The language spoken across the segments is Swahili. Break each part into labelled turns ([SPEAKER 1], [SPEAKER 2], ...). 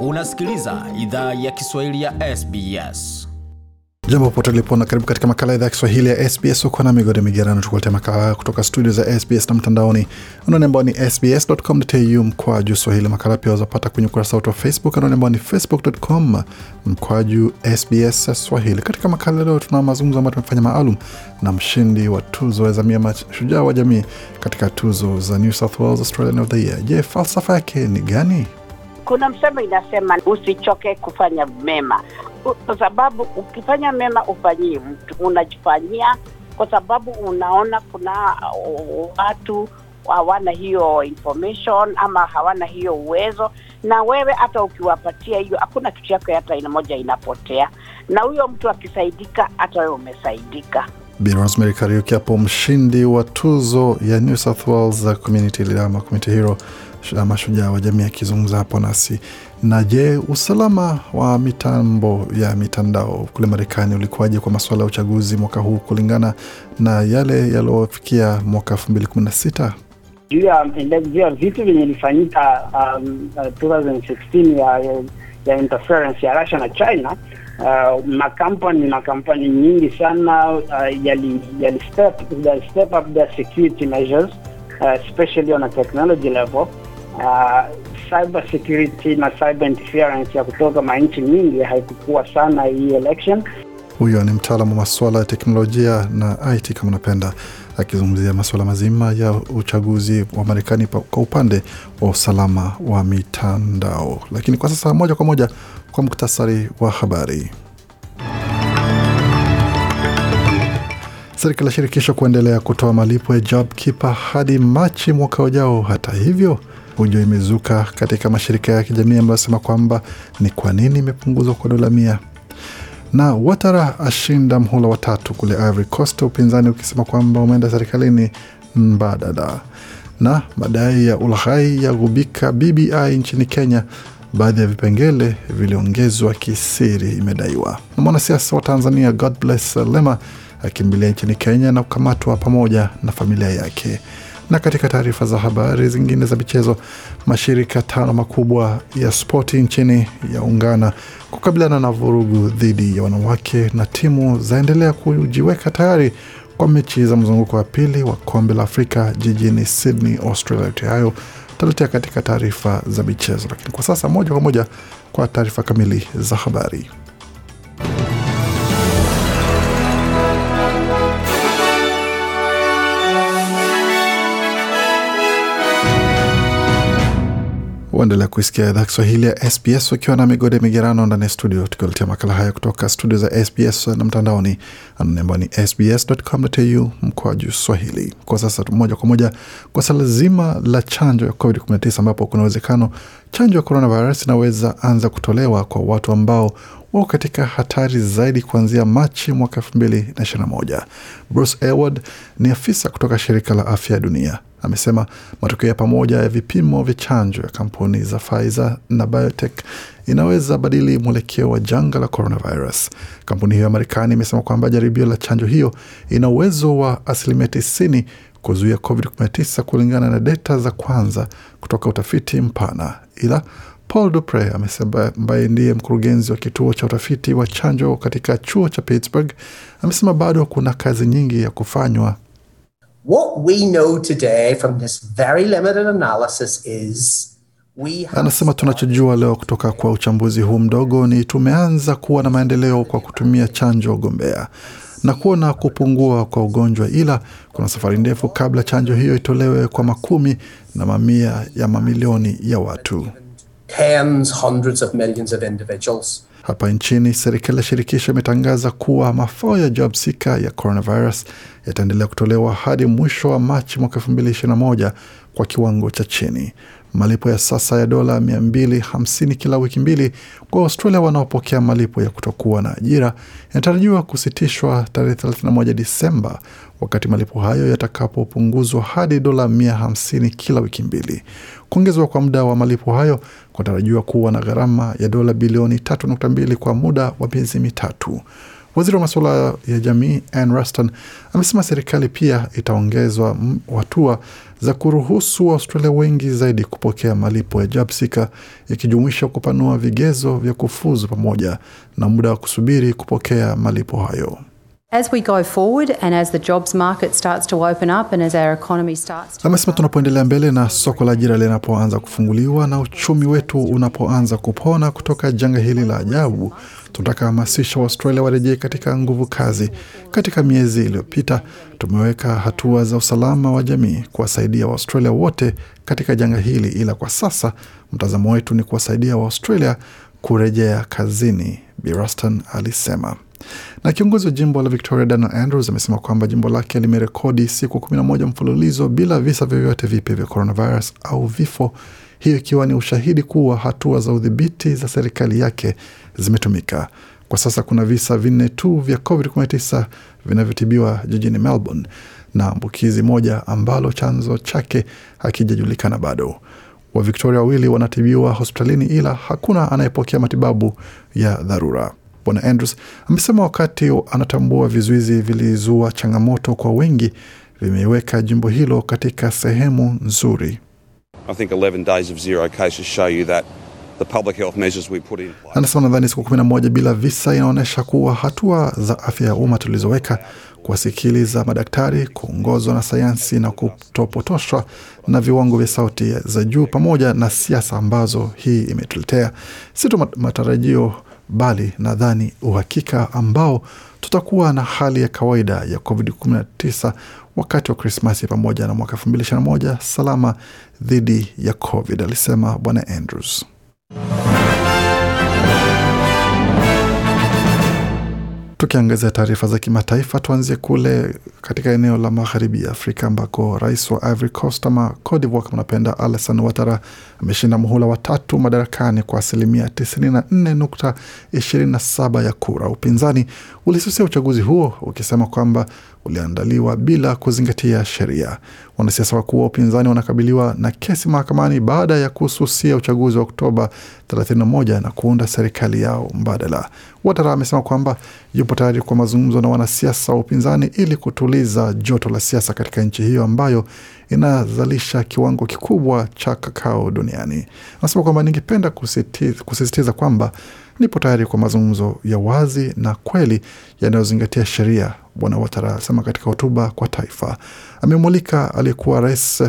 [SPEAKER 1] Unasikiliza idhaa ya Kiswahili ya SBS. Jambo pote ulipo na karibu katika makala idhaa ya Kiswahili ya SBS huko na migode migerano, tukuletea makala kutoka studio za SBS na mtandaoni anaone ambao ni sbs.com.au mkwaju swahili. Makala pia wazapata kwenye ukurasa wetu wa Facebook anaone ambao ni facebook.com mkwaju SBS Swahili. Katika makala leo tuna mazungumzo ambayo tumefanya maalum na mshindi wa tuzo ya Zamia mashujaa wa jamii katika tuzo za New South Wales Australian of the Year. Je, falsafa yake ni gani? Kuna msemo inasema usichoke kufanya mema, kwa sababu ukifanya mema ufanyii mtu, unajifanyia kwa sababu unaona kuna watu hawana hiyo information ama hawana hiyo uwezo, na wewe hata ukiwapatia hiyo, hakuna kitu yako hata ina moja inapotea, na huyo mtu akisaidika, hata wewe umesaidika. Bi Kariuki hapo, mshindi wa tuzo ya New South Wales Community Community Hero ama shujaa wa jamii akizungumza hapo nasi. Na je, usalama wa mitambo ya mitandao kule Marekani ulikuwaje kwa masuala ya uchaguzi mwaka huu kulingana na yale yaliyofikia mwaka elfu mbili kumi na sita? Juu ya vitu vyenye ilifanyika um, uh, 2016 ya, ya, ya interference ya Russia na China uh, makampani makampani nyingi sana uh, yali, yali step, step up their security measures uh, especially on a technology level uh, cyber security na cyber interference ya kutoka manchi mingi haikukua sana hii election. Huyo ni mtaalamu wa masuala ya teknolojia na IT kama unapenda, akizungumzia masuala mazima ya uchaguzi wa Marekani kwa upande wa usalama wa mitandao. Lakini kwa sasa, moja kwa moja kwa muktasari wa habari. Serikali ya shirikisho kuendelea kutoa malipo ya JobKeeper hadi Machi mwaka ujao. Hata hivyo Fujo imezuka katika mashirika ya kijamii ambayo asema kwamba ni kwa nini imepunguzwa kwa dola mia na Watara ashinda mhula watatu kule Ivory Coast, upinzani ukisema kwamba umeenda serikalini mbadala. Na madai ya ulaghai ya gubika BBI nchini Kenya, baadhi ya vipengele viliongezwa kisiri, imedaiwa. Na mwanasiasa wa Tanzania Godbless Lema akimbilia nchini Kenya na kukamatwa pamoja na familia yake. Na katika taarifa za habari zingine za michezo, mashirika tano makubwa ya spoti nchini yaungana kukabiliana na vurugu dhidi ya wanawake, na timu zaendelea kujiweka tayari kwa mechi za mzunguko wa pili wa kombe la Afrika jijini Sydney, Australia. Yote hayo tutaletea katika taarifa za michezo, lakini kwa sasa moja kwa moja kwa taarifa kamili za habari. Waendelea kuisikia idhaa Kiswahili ya SBS ukiwa na migode migerano ndani ya studio, tukiwaletea makala haya kutoka studio za SBS na mtandaoni, anwani ambayo ni sbs.com.au juu swahili. Kwa sasa moja kwa moja kwa sala zima la chanjo ya COVID-19, ambapo kuna uwezekano chanjo ya coronavirus inaweza anza kutolewa kwa watu ambao wako katika hatari zaidi kuanzia Machi mwaka 2021. Bruce Eward ni afisa kutoka shirika la afya ya dunia Amesema matokeo ya pamoja ya vipimo vya chanjo ya kampuni za Pfizer na biotech inaweza badili mwelekeo wa janga la coronavirus. Kampuni hiyo ya Marekani imesema kwamba jaribio la chanjo hiyo ina uwezo wa asilimia 90 kuzuia COVID-19 kulingana na data za kwanza kutoka utafiti mpana. Ila Paul Dupre amesema, ambaye ndiye mkurugenzi wa kituo cha utafiti wa chanjo katika chuo cha Pittsburgh, amesema bado kuna kazi nyingi ya kufanywa What we know today from this very limited analysis is Anasema tunachojua leo kutoka kwa uchambuzi huu mdogo ni tumeanza kuwa na maendeleo kwa kutumia chanjo gombea na kuona kupungua kwa ugonjwa, ila kuna safari ndefu kabla chanjo hiyo itolewe kwa makumi na mamia ya mamilioni ya watu. Tens, hundreds of millions of individuals. Hapa nchini, serikali ya shirikisho imetangaza kuwa mafao ya job seeker ya coronavirus yataendelea kutolewa hadi mwisho wa Machi mwaka moja kwa kiwango cha chini. Malipo ya sasa ya dola 250 kila wiki mbili kwa Australia wanaopokea malipo ya kutokuwa na ajira yanatarajiwa kusitishwa tarehe 31 Disemba, wakati malipo hayo yatakapopunguzwa hadi dola 150 kila wiki mbili. Kuongezwa kwa muda wa malipo hayo kunatarajiwa kuwa na gharama ya dola bilioni 3.2 kwa muda wa miezi mitatu. Waziri wa masuala ya jamii Ann Ruston amesema serikali pia itaongezwa hatua za kuruhusu Waaustralia wengi zaidi kupokea malipo ya JobSeeker, ikijumuisha kupanua vigezo vya kufuzu pamoja na muda wa kusubiri kupokea malipo hayo. Amesema tunapoendelea mbele na soko la ajira linapoanza kufunguliwa na uchumi wetu unapoanza kupona kutoka janga hili la ajabu, tunataka hamasisha Waustralia warejee katika nguvu kazi. Katika miezi iliyopita, tumeweka hatua za usalama wa jamii kuwasaidia Waustralia wote katika janga hili, ila kwa sasa mtazamo wetu ni kuwasaidia Waustralia kurejea kazini, Biraston alisema. Na kiongozi wa jimbo la Victoria Daniel Andrews amesema kwamba jimbo lake limerekodi siku 11 mfululizo bila visa vyovyote vipya vya coronavirus au vifo, hiyo ikiwa ni ushahidi kuwa hatua za udhibiti za serikali yake zimetumika. Kwa sasa kuna visa vinne tu vya COVID-19 vinavyotibiwa jijini Melbourne na ambukizi moja ambalo chanzo chake hakijajulikana bado. Wavictoria wawili wanatibiwa hospitalini ila hakuna anayepokea matibabu ya dharura. Bwana Andrews amesema wakati anatambua vizuizi vilizua changamoto kwa wengi, vimeiweka jimbo hilo katika sehemu nzuri. Anasema nadhani siku 11 bila visa inaonyesha kuwa hatua za afya ya umma tulizoweka, kuwasikiliza madaktari, kuongozwa na sayansi na kutopotoshwa na viwango vya sauti za juu, pamoja na siasa ambazo hii imetuletea, si tu matarajio bali nadhani uhakika ambao tutakuwa na hali ya kawaida ya COVID-19 wakati wa Krismasi pamoja na mwaka 2021 salama dhidi ya COVID, alisema Bwana Andrews. Tukiangazia taarifa za kimataifa, tuanzie kule katika eneo la magharibi ya Afrika ambako rais wa Ivory Coast ama Cote d'Ivoire kama unapenda, Alassane Ouattara ameshinda muhula wa tatu madarakani kwa asilimia 94.27 ya kura. Upinzani ulisusia uchaguzi huo ukisema kwamba uliandaliwa bila kuzingatia sheria. Wanasiasa wakuu wa upinzani wanakabiliwa na kesi mahakamani baada ya kususia uchaguzi wa Oktoba 31 na kuunda serikali yao mbadala. Watara amesema kwamba yupo tayari kwa mazungumzo na wanasiasa wa upinzani ili kutuliza joto la siasa katika nchi hiyo ambayo inazalisha kiwango kikubwa cha kakao duniani. Anasema kwamba ningependa kusisitiza kwamba nipo tayari kwa mazungumzo ya wazi na kweli yanayozingatia sheria, Bwana Watara asema katika hotuba kwa taifa. Amemulika aliyekuwa rais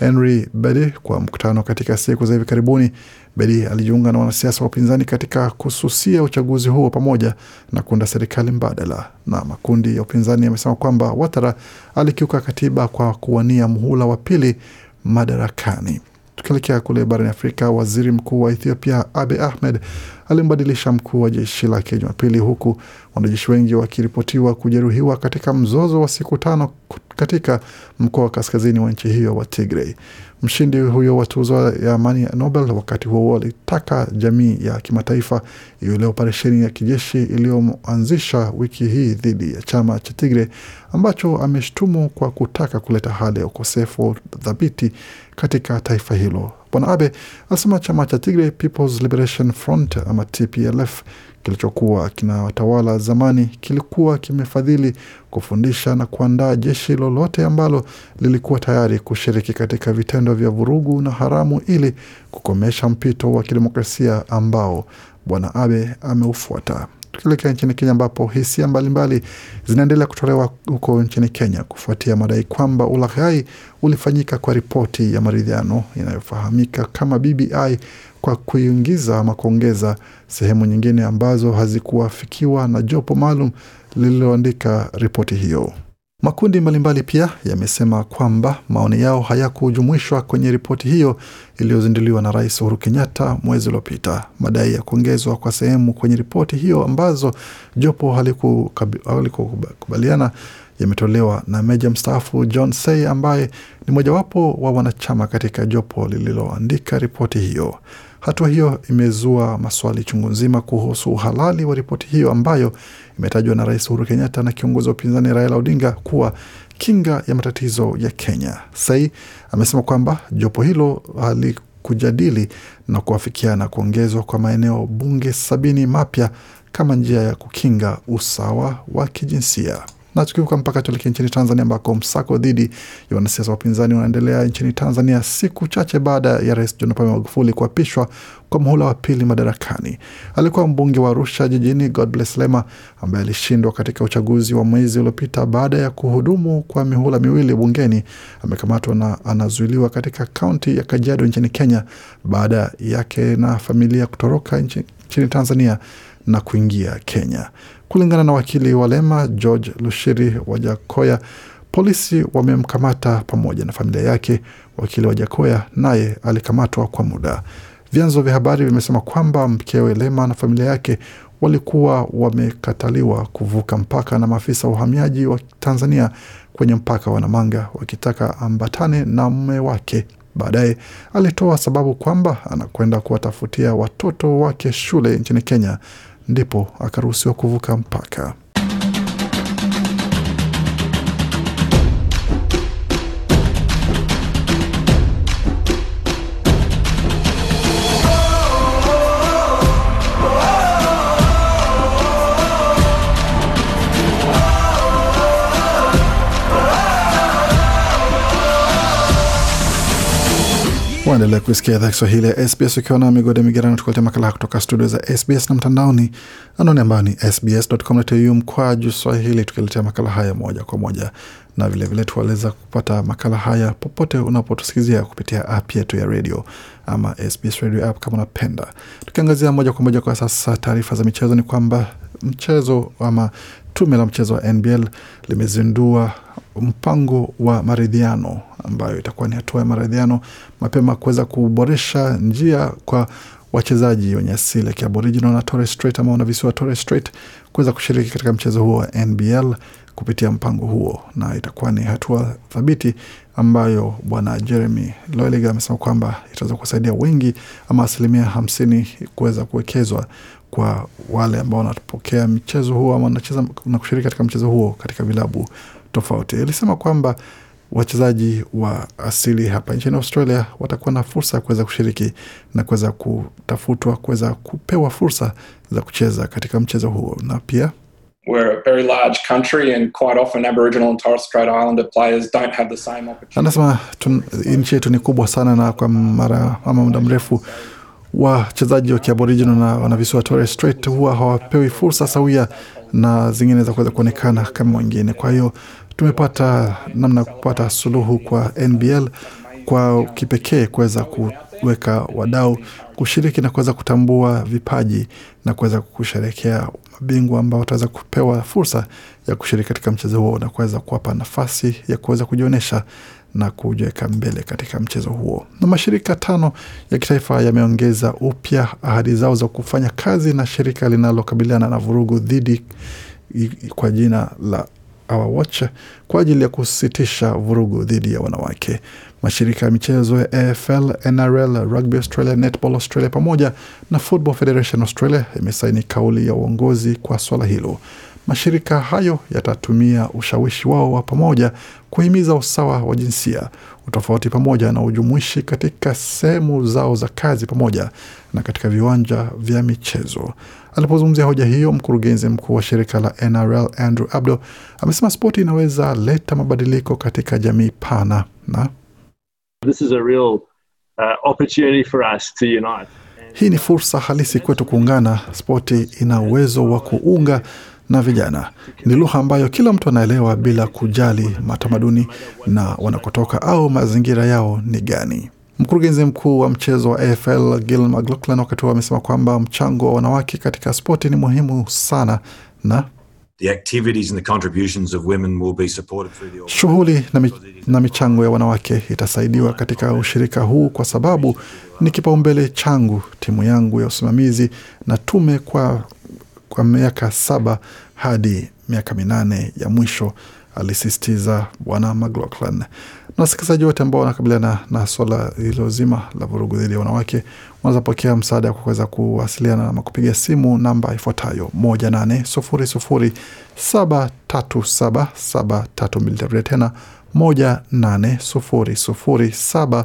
[SPEAKER 1] Henry Bedi kwa mkutano katika siku za hivi karibuni. Bedi alijiunga na wanasiasa wa upinzani katika kususia uchaguzi huo pamoja na kuunda serikali mbadala, na makundi ya upinzani yamesema kwamba Watara alikiuka katiba kwa kuwania muhula wa pili madarakani. Tukielekea kule barani Afrika, waziri mkuu wa Ethiopia Abe Ahmed alimbadilisha mkuu wa jeshi lake Jumapili, huku wanajeshi wengi wakiripotiwa kujeruhiwa katika mzozo wa siku tano katika mkoa wa kaskazini wa nchi hiyo wa Tigray. Mshindi huyo wa tuzo ya amani ya Nobel wakati huo alitaka jamii ya kimataifa iule operesheni ya kijeshi iliyoanzisha wiki hii dhidi ya chama cha Tigre ambacho ameshtumu kwa kutaka kuleta hali ya ukosefu thabiti katika taifa hilo. Bwana Abe asema chama cha Tigray People's Liberation Front ama TPLF kilichokuwa kinawatawala zamani kilikuwa kimefadhili kufundisha na kuandaa jeshi lolote ambalo lilikuwa tayari kushiriki katika vitendo vya vurugu na haramu ili kukomesha mpito wa kidemokrasia ambao Bwana Abe ameufuata tukielekea nchini Kenya ambapo hisia mbalimbali zinaendelea kutolewa huko nchini Kenya kufuatia madai kwamba ulaghai ulifanyika kwa ripoti ya maridhiano inayofahamika kama BBI kwa kuingiza ama kuongeza sehemu nyingine ambazo hazikuwafikiwa na jopo maalum lililoandika ripoti hiyo. Makundi mbalimbali pia yamesema kwamba maoni yao hayakujumuishwa kwenye ripoti hiyo iliyozinduliwa na Rais Uhuru Kenyatta mwezi uliopita. Madai ya kuongezwa kwa sehemu kwenye ripoti hiyo ambazo jopo halikukubaliana yametolewa na meja mstaafu John Say ambaye ni mojawapo wa wanachama katika jopo lililoandika ripoti hiyo. Hatua hiyo imezua maswali chungu nzima kuhusu uhalali wa ripoti hiyo ambayo imetajwa na Rais Uhuru Kenyatta na kiongozi wa upinzani Raila Odinga kuwa kinga ya matatizo ya Kenya. Sai amesema kwamba jopo hilo halikujadili na kuafikiana kuongezwa kwa maeneo bunge sabini mapya kama njia ya kukinga usawa wa kijinsia na tukivuka mpaka tuelekee nchini Tanzania ambako msako dhidi ya wanasiasa wapinzani unaendelea nchini Tanzania siku chache baada ya Rais John Pombe Magufuli kuapishwa kwa muhula wa pili madarakani. Alikuwa mbunge wa Arusha Jijini, Godbless Lema, ambaye alishindwa katika uchaguzi wa mwezi uliopita baada ya kuhudumu kwa mihula miwili bungeni, amekamatwa na anazuiliwa katika kaunti ya Kajiado nchini Kenya baada yake na familia kutoroka nchini Tanzania na kuingia Kenya. Kulingana na wakili wa Lema George Lushiri Wajakoya, polisi wamemkamata pamoja na familia yake. Wakili wa jakoya naye alikamatwa kwa muda. Vyanzo vya habari vimesema kwamba mkewe Lema na familia yake walikuwa wamekataliwa kuvuka mpaka na maafisa wa uhamiaji wa Tanzania kwenye mpaka wa Namanga wakitaka ambatane na mume wake. Baadaye alitoa sababu kwamba anakwenda kuwatafutia watoto wake shule nchini Kenya ndipo akaruhusiwa kuvuka mpaka. Waendelea kuisikia idhaa Kiswahili ya SBS ukiwa na migode migerano, tukuletea makala kutoka studio za SBS na mtandaoni, anwani ambayo ni sbs.com.au mkwaju swahili, tukiletea makala haya moja kwa moja, na vilevile tuwaleza kupata makala haya popote unapotusikizia kupitia app yetu ya radio ama SBS radio app kama unapenda. Tukiangazia moja kwa moja kwa sasa, taarifa za michezo ni kwamba mchezo ama tume la mchezo wa NBL limezindua mpango wa maridhiano ambayo itakuwa ni hatua ya maridhiano mapema kuweza kuboresha njia kwa wachezaji wenye asili ya kiaboriginal na Torres Strait ama wanavisiwa Torres Strait kuweza kushiriki katika mchezo huo wa NBL kupitia mpango huo, na itakuwa ni hatua thabiti ambayo bwana Jeremy Loelig amesema kwamba itaweza kuwasaidia wengi ama asilimia hamsini kuweza kuwekezwa kwa wale ambao wanapokea mchezo huo ama wanacheza na kushiriki katika mchezo huo katika vilabu tofauti. Ilisema kwamba wachezaji wa asili hapa nchini Australia watakuwa na fursa ya kuweza kushiriki na kuweza kutafutwa kuweza kupewa fursa za kucheza katika mchezo huo na pia anasema nchi yetu ni kubwa sana na kwa mara ama muda mrefu wachezaji wa kiaboriginal na wanavisiwa Torres Strait huwa hawapewi fursa sawia na zingine za kuweza kuonekana kama wengine. Kwa hiyo tumepata namna ya kupata suluhu kwa NBL kwa kipekee kuweza kuweka wadau kushiriki na kuweza kutambua vipaji na kuweza kusherekea mabingwa ambao wataweza kupewa fursa ya kushiriki katika mchezo huo na kuweza kuwapa nafasi ya kuweza kujionyesha na kujiweka mbele katika mchezo huo. Na mashirika tano ya kitaifa yameongeza upya ahadi zao za kufanya kazi na shirika linalokabiliana na vurugu dhidi kwa jina la Our Watch kwa ajili ya kusitisha vurugu dhidi ya wanawake. Mashirika ya michezo ya AFL, NRL, Rugby Australia, Netball Australia pamoja na Football Federation Australia imesaini kauli ya uongozi kwa swala hilo mashirika hayo yatatumia ushawishi wao wa pamoja kuhimiza usawa wa jinsia, utofauti pamoja na ujumuishi katika sehemu zao za kazi pamoja na katika viwanja vya michezo. Alipozungumzia hoja hiyo, mkurugenzi mkuu wa shirika la NRL Andrew Abdo amesema spoti inaweza leta mabadiliko katika jamii pana na This is a real, uh, opportunity for us to unite. Hii ni fursa halisi kwetu kuungana. Spoti ina uwezo wa kuunga na vijana. Ni lugha ambayo kila mtu anaelewa bila kujali matamaduni na wanakotoka au mazingira yao ni gani. Mkurugenzi mkuu wa mchezo wa AFL Gil McLachlan wakati huo amesema kwamba mchango wa wanawake katika spoti ni muhimu sana na shughuli na, mi na michango ya wanawake itasaidiwa katika ushirika huu kwa sababu ni kipaumbele changu, timu yangu ya usimamizi na tume kwa kwa miaka saba hadi miaka minane ya mwisho, alisisitiza Bwana McLaughlin. Na wasikilizaji wote ambao wanakabiliana na swala hilo zima la vurugu dhidi ya wanawake wanawezapokea msaada kwa kuweza kuwasiliana na kupiga simu namba ifuatayo moja nane sufuri sufuri mbili tena saba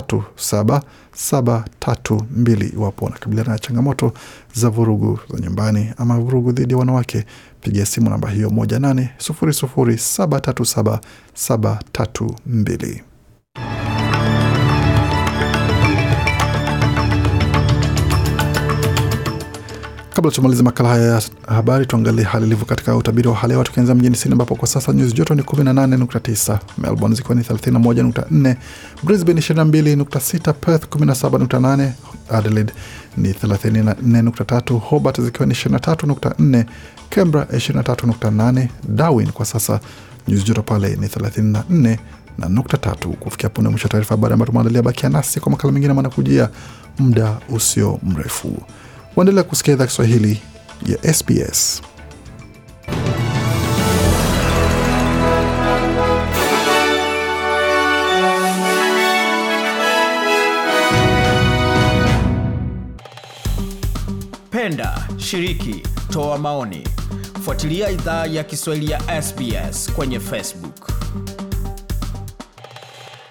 [SPEAKER 1] 37732 iwapo wanakabiliana na changamoto za vurugu za nyumbani ama vurugu dhidi ya wanawake. piga simu namba hiyo 180073772. Kabla tumalize makala haya ya habari, tuangalie hali ilivyo katika utabiri wa hali hewa, tukianza mjini Sydney ambapo kwa sasa nyuzi joto ni 18.9, Melbourne zikiwa ni 31.4, Brisbane 22.6, Perth 17.8, Adelaide ni 34.3, Hobart zikiwa ni 23.4, Canberra 23.8, Darwin kwa sasa nyuzi joto pale ni 34 na nukta tatu. Kufikia punde mwisho wa taarifa habari ambayo tumeandalia, bakia nasi kwa makala mengine manakujia muda usio mrefu waendelea kusikia idhaa Kiswahili ya SBS. Penda, shiriki, toa maoni. Fuatilia idhaa ya Kiswahili ya SBS kwenye Facebook.